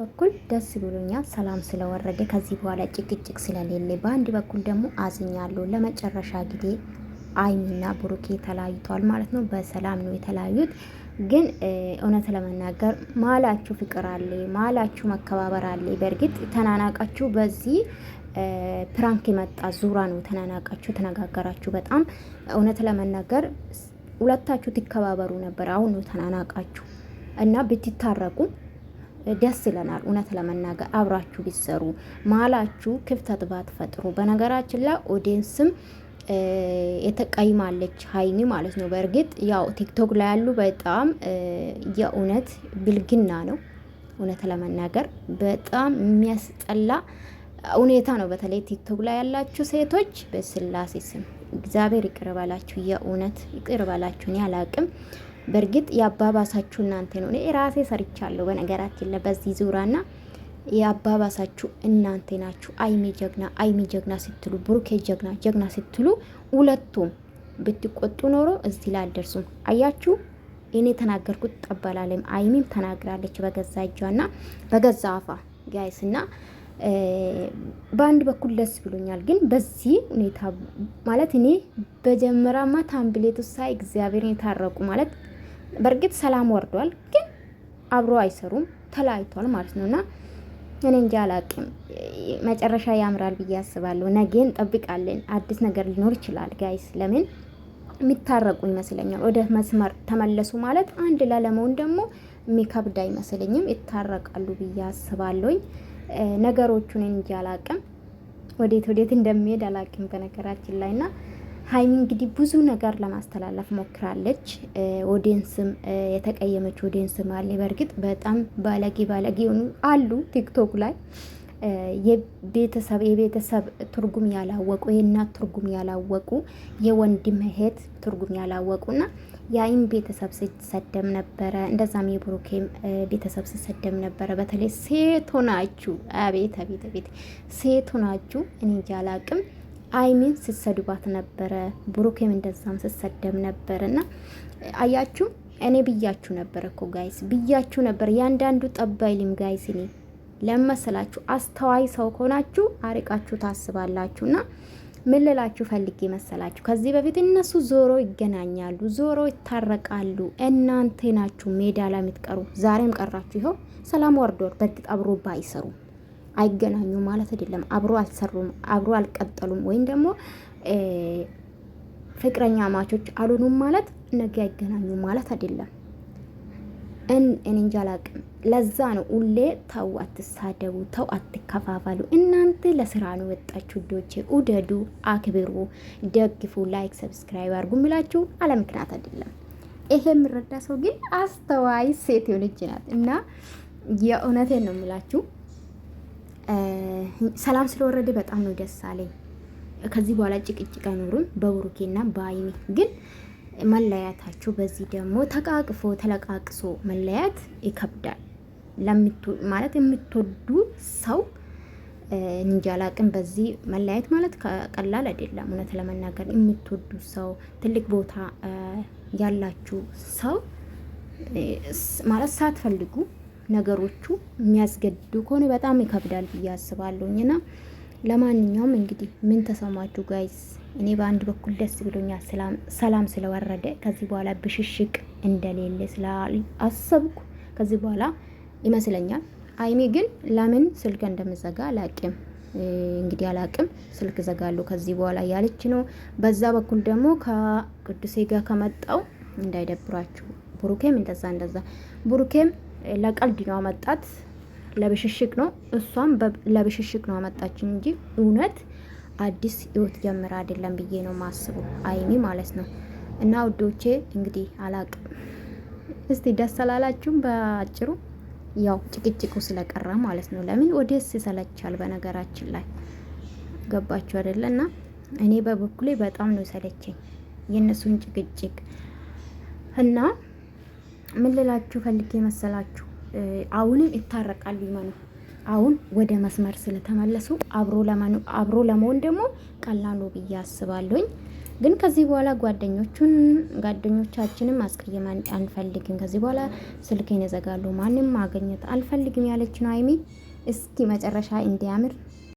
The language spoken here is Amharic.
በኩል ደስ ብሎኛል፣ ሰላም ስለወረደ ከዚህ በኋላ ጭቅጭቅ ስለሌለ፣ በአንድ በኩል ደግሞ አዝኛለሁ። ለመጨረሻ ጊዜ አይሚና ብሩኬ ተለያይተዋል ማለት ነው። በሰላም ነው የተለያዩት። ግን እውነት ለመናገር ማላችሁ ፍቅር አለ፣ ማላችሁ መከባበር አለ። በእርግጥ ተናናቃችሁ በዚህ ፕራንክ የመጣ ዙራ ነው ተናናቃችሁ፣ ተነጋገራችሁ። በጣም እውነት ለመናገር ሁለታችሁ ትከባበሩ ነበር። አሁን ነው ተናናቃችሁ እና ብትታረቁ ደስ ይለናል። እውነት ለመናገር አብራችሁ ቢሰሩ ማላችሁ ክፍተት ባትፈጥሩ። በነገራችን ላይ ኦዲየንስም የተቀይማለች ሀይሚ ማለት ነው። በእርግጥ ያው ቲክቶክ ላይ ያሉ በጣም የእውነት ብልግና ነው። እውነት ለመናገር በጣም የሚያስጠላ ሁኔታ ነው። በተለይ ቲክቶክ ላይ ያላችሁ ሴቶች በስላሴ ስም እግዚአብሔር ይቅር በላችሁ፣ የእውነት ይቅር በላችሁ። እኔ አላቅም በእርግጥ የአባባሳችሁ እናንተ ነው። እኔ ራሴ ሰርቻለሁ በነገራችን ለበዚህ ዙራና የአባባሳችሁ እናንተ ናችሁ። አይሚ ጀግና፣ አይሚ ጀግና ስትሉ፣ ብሩኬ ጀግና፣ ጀግና ስትሉ ሁለቱም ብትቆጡ ኖሮ እዚህ አልደርሱም። አያችሁ እኔ ተናገርኩት ጠበላለም አይሚም ተናግራለች በገዛ እጇና በገዛ አፋ ጋይስ እና በአንድ በኩል ደስ ብሎኛል፣ ግን በዚህ ሁኔታ ማለት እኔ በጀመራማ ታምብሌቱ ሳይ እግዚአብሔር የታረቁ ማለት በእርግጥ ሰላም ወርዷል፣ ግን አብሮ አይሰሩም ተለያይቷል ማለት ነው። እና እኔ እንጂ አላቅም። መጨረሻ ያምራል ብዬ አስባለሁ። ነገ እንጠብቃለን። አዲስ ነገር ሊኖር ይችላል ጋይስ። ለምን የሚታረቁ ይመስለኛል። ወደ መስመር ተመለሱ ማለት አንድ ላለመውን ደግሞ የሚከብድ አይመስለኝም። ይታረቃሉ ብዬ አስባለሁኝ። ነገሮቹን እንጂ አላቅም፣ ወዴት ወዴት እንደሚሄድ አላቅም በነገራችን ላይ ና ሀይሚ እንግዲህ ብዙ ነገር ለማስተላለፍ ሞክራለች። ኦዲንስም የተቀየመች ኦዲንስም አለ። በእርግጥ በጣም ባለጌ ባለጌ የሆኑ አሉ ቲክቶክ ላይ የቤተሰብ የቤተሰብ ትርጉም ያላወቁ የእናት ትርጉም ያላወቁ የወንድም እህት ትርጉም ያላወቁ እና የአይም ቤተሰብ ሲሰደም ነበረ። እንደዛም የብሩኬም ቤተሰብ ሲሰደም ነበረ። በተለይ ሴት ሆናችሁ አቤት አቤት አቤት ሴት ሆናችሁ እኔ እንጃ አላቅም አይሚን ስትሰድባት ነበረ፣ ብሩኬም እንደዛም ስትሰደብ ነበር። እና አያችሁ እኔ ብያችሁ ነበር እኮ ጋይስ ብያችሁ ነበር። ያንዳንዱ ጠባይልም ጋይስ እኔ ለመሰላችሁ አስተዋይ ሰው ከሆናችሁ አርቃችሁ ታስባላችሁ ምን ልላችሁ ፈልጌ መሰላችሁ፣ ከዚህ በፊት እነሱ ዞሮ ይገናኛሉ፣ ዞሮ ይታረቃሉ። እናንተ ናችሁ ሜዳ ላይ የምትቀሩ። ዛሬም ቀራችሁ። ይኸው ሰላም ወርዶር። በእርግጥ አብሮ ባይሰሩ አይገናኙ ማለት አይደለም። አብሮ አልሰሩም፣ አብሮ አልቀጠሉም ወይም ደግሞ ፍቅረኛ ማቾች አልሆኑም ማለት ነገ አይገናኙ ማለት አይደለም። እን እንጃ አላቅም። ለዛ ነው ሁሌ ተው አትሳደቡ፣ ተው አትከፋፈሉ። እናንተ ለስራ ነው ወጣችሁ። ዶቼ ውደዱ፣ አክብሩ፣ ደግፉ፣ ላይክ ሰብስክራይብ አድርጉ የሚላችሁ አለምክንያት አይደለም። ይሄ የምረዳ ሰው ግን አስተዋይ ሴት የሆነች ናት እና የእውነቴን ነው የምላችሁ ሰላም ስለወረደ በጣም ነው ደስ አለኝ። ከዚህ በኋላ ጭቅጭቅ አይኖርም በብሩኬና በሀይሚ ግን መለያታቸው። በዚህ ደግሞ ተቃቅፎ ተለቃቅሶ መለያት ይከብዳል። ማለት የምትወዱ ሰው እንጃላቅን በዚህ መለያየት ማለት ቀላል አይደለም። እውነት ለመናገር የምትወዱ ሰው ትልቅ ቦታ ያላችሁ ሰው ማለት ሳትፈልጉ ነገሮቹ የሚያስገድዱ ከሆነ በጣም ይከብዳል ብዬ አስባለሁኝ። ና ለማንኛውም እንግዲህ ምን ተሰማችሁ ጋይስ? እኔ በአንድ በኩል ደስ ብሎኛ ሰላም ስለወረደ ከዚህ በኋላ ብሽሽቅ እንደሌለ ስላሰብኩ ከዚህ በኋላ ይመስለኛል አይሜ ግን ለምን ስልክ እንደምዘጋ አላቅም። እንግዲህ አላቅም ስልክ ዘጋለሁ ከዚህ በኋላ ያለች ነው። በዛ በኩል ደግሞ ከቅዱሴ ጋር ከመጣው እንዳይደብራችሁ። ቡሩኬም እንደዛ እንደዛ ቡሩኬም ለቀልድ ነው አመጣት፣ ለብሽሽቅ ነው። እሷም ለብሽሽቅ ነው አመጣች እንጂ እውነት አዲስ ህይወት ጀምር አይደለም ብዬ ነው ማስቡ፣ አይሚ ማለት ነው። እና ውዶቼ እንግዲህ አላቅም፣ እስቲ ደስ አላላችሁም? በአጭሩ ያው ጭቅጭቁ ስለቀረ ማለት ነው። ለምን ወደስ ይሰለቻል፣ በነገራችን ላይ ገባችሁ አይደለ? እና እኔ በበኩሌ በጣም ነው የሰለቸኝ የእነሱን ጭቅጭቅ እና ምን ልላችሁ ፈልጌ መሰላችሁ? አሁንም ይታረቃሉ ይመኑ። አሁን ወደ መስመር ስለተመለሱ አብሮ ለመሆን ደግሞ ቀላሉ ብዬ አስባለሁኝ። ግን ከዚህ በኋላ ጓደኞቹን ጓደኞቻችንም አስቀየማን አንፈልግም። ከዚህ በኋላ ስልኬን ይዘጋሉ፣ ማንም ማግኘት አልፈልግም ያለች ነው አይሚ። እስኪ መጨረሻ እንዲያምር